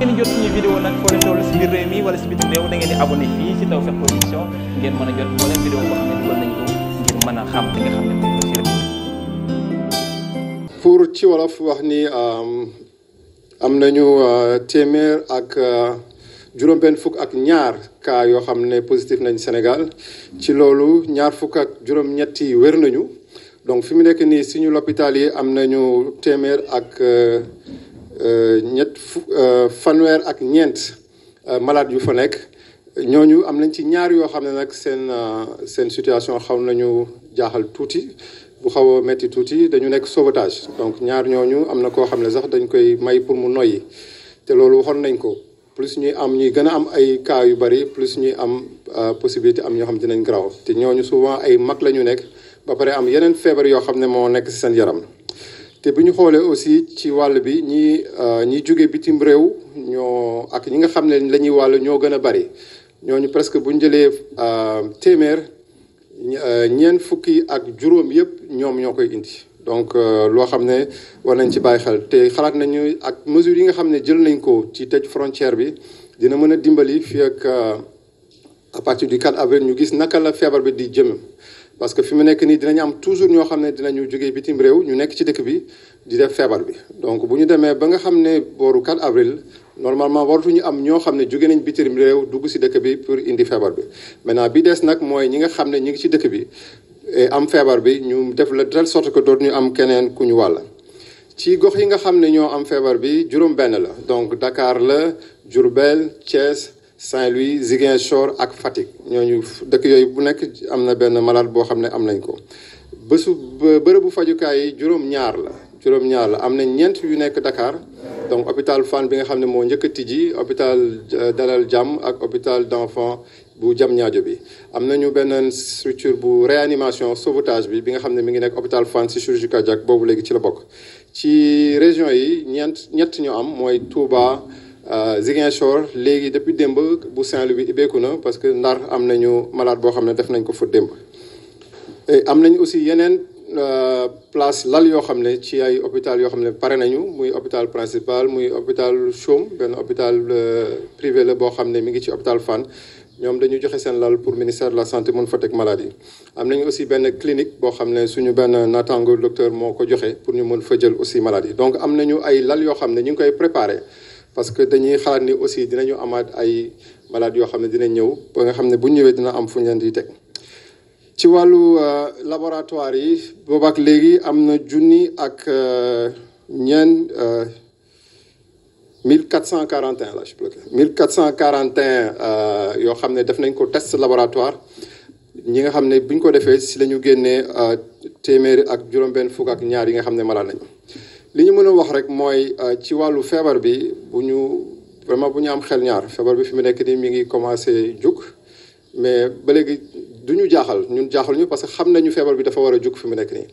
ngeen jot suñu vidéo nag foo leen toll si biir réew mi wala si biir réew da ne dugal nañ ko ci wolof wax ni am nañu euh, téeméer ak euh, juróom-benn fukk ak ñaar cas yoo xam ne positif nañ Sénégal ci loolu ñaar fukk ak juróom-ñetti wér nañu donc fi mu nekk nii suñu l'hôpital yi am nañu téeméer ak. Euh, Euh, ñett euh, fanweer ak ñeent euh, malade yu fa nekk ñooñu am nañ ci ñaar yoo xam ne nag seen seen situation xaw nañu jaaxal tuuti bu xaw a métti tuuti dañu nekk sauvetage donc ñaar ñooñu am na koo xam ne sax dañ koy may pour mu noyyi te loolu waxoon nañ ko plus ñuy am ñuy gën a am ay cas yu bari plus ñuy am possibilité am ñoo xam nañ garaaw te ñooñu souvent ay mag la ñu nekk ba pare am yeneen feebar yoo xam ne moo nekk ci seen yaram. te bu ñu xoolee aussi ci wàll bi ñi euh, ñi jóge bitim réew ñoo ak ñi nga xam ne lañuy ñuy wàll ñoo gën a bari ñooñu presque bu ñu jëlee euh, téeméer euh, ñeent fukki ak juróom yëpp ñoom ñoo koy indi. donc loo xam ne war nañ ci bàyyi xel te xalaat nañu ak mesures yi nga xam ne jël nañ ko ci tëj frontière bi dina mën a dimbali fii ak à partir du 4 avril ñu gis naka la feebar bi di jëm. parce que fi mu nekk nii dinañu am toujours ñoo xam ne dinañu jógee bitim réew ñu nekk ci dëkk bi di def feebar bi donc bu ñu demee ba nga xam ne booru 4 avril normalement waratuñu am ñoo xam ne jóge nañ bitim réew dugg si dëkk bi pour indi feebar bi maintenant bi des nag mooy ñi nga xam ne ñi ngi ci dëkk bi eh, am feebar bi ñu def la telle sorte que ñu am keneen ku ñu wàll ci gox yi nga xam ne ñoo am feebar bi juróom benn la donc dakaar la Diourbel Thiès Saint-Louis Ziguinchor ak Fatick ñooñu dëkk yooyu bu nekk am na benn malade boo xam ne am nañ ko bésu bërëbu fajukaay yi juróom-ñaar la juróom-ñaar la am na ñeent yu nekk dakaar donc hôpital Fann bi nga xam ne moo njëkk a tijji hôpital euh, Dalal Jàmm ak hôpital d'enfant bu ñaajo bi am nañu benn structure bu réanimation sauvetage bi bi nga xam ne mi ngi nekk hôpital fan si chirurgie cardiaque boobu léegi ci la bokk ci région yi ñeent ñett ñu am mooy Touba. Euh, Ziguinchor léegi depuis demb bu Saint-Louis ibbeeku na parce que Ndar am nañu malade boo xam ne def nañ ko fa démb am nañ aussi yeneen euh, place lal yoo xam ne ci ay hôpital yoo xam ne pare nañu muy hôpital principal muy hôpital Chaume benn hôpital euh, privé la boo xam ne mi ngi ci hôpital Fann ñoom dañu joxe seen lal pour ministère la santé mën fa teg malade am nañu aussi benn clinique boo xam ne suñu benn naataango docteur moo ko joxe pour ñu mën fa jël aussi malade donc am nañu ay lal yoo xam ne ñu ngi koy préparé parce que dañuy xalaat ni aussi dinañu amaat ay malade yoo xam ne dina ñëw ba nga xam ne bu ñëwee dina am fu ñu leen di teg ci wàllu euh, laboratoire yi boobaak léegi am na junni ak ñeen 1441 la je bloqué 1441 yoo xam ne def nañ ko test laboratoire ñi nga xam ne bu ko defee si lañu génnee euh, téeméeri ak juróom-benn fukk ak ñaar yi nga xam ne malade nañu li ñu mën a wax rek mooy euh, ci wàllu feebar bi bu ñu vraiment bu ñu am xel ñaar feebar bi fi mu nekk nii mi ngi commencé jug mais ba léegi du ñu jaaxal ñu jaaxal ñu parce que xam nañu feebar bi dafa war a jug fi mu nekk nii.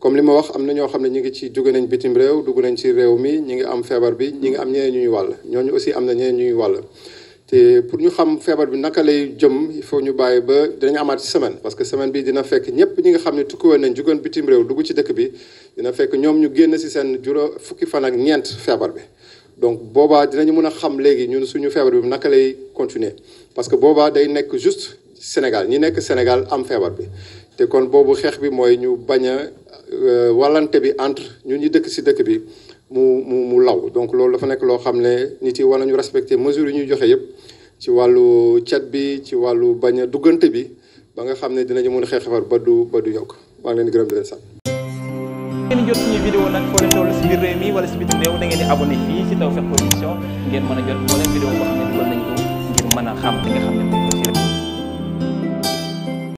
comme li ma wax am na ñoo xam ne ñu ngi ci jóge nañ bitim réew dugg nañ ci réew mi ñu ngi am feebar bi ñi ngi am ñeneen ñuy wàll ñooñu aussi am na ñeneen ñuy wàll. pour ñu xam feebar bi naka lay jëm il faut ñu bàyyi ba dinañ amaat semaine parce que semaine bi dina fekk ñëpp ñi nga xam ne tukki woon nañ jugoon bitim réew dugg ci dëkk bi dina fekk ñoom ñu génn si seen juróom fukki fan ak ñeent feebar bi donc boobaa dinañu mën a xam léegi ñun suñu feebar bi naka lay continuer parce que boobaa day nekk juste Sénégal ñi nekk Sénégal am feebar bi te kon boobu xeex bi mooy ñu bañ a Euh, wàllante bi entre ñun ñi dëkk si dëkk bi mu mu mu law donc loolu dafa nekk loo xam ne nit yi war nañu respecter mesures yi ñuy joxe yëpp ci wàllu cat bi ci wàllu bañ a duggante bi ba nga xam ne dinañu mën a xeex xafar ba du ba du yokk maa leen di gërëm ngeen jot suñu vidéo si biir réew mi wala si bitim réew da ngeen mën a jot moo leen xam ne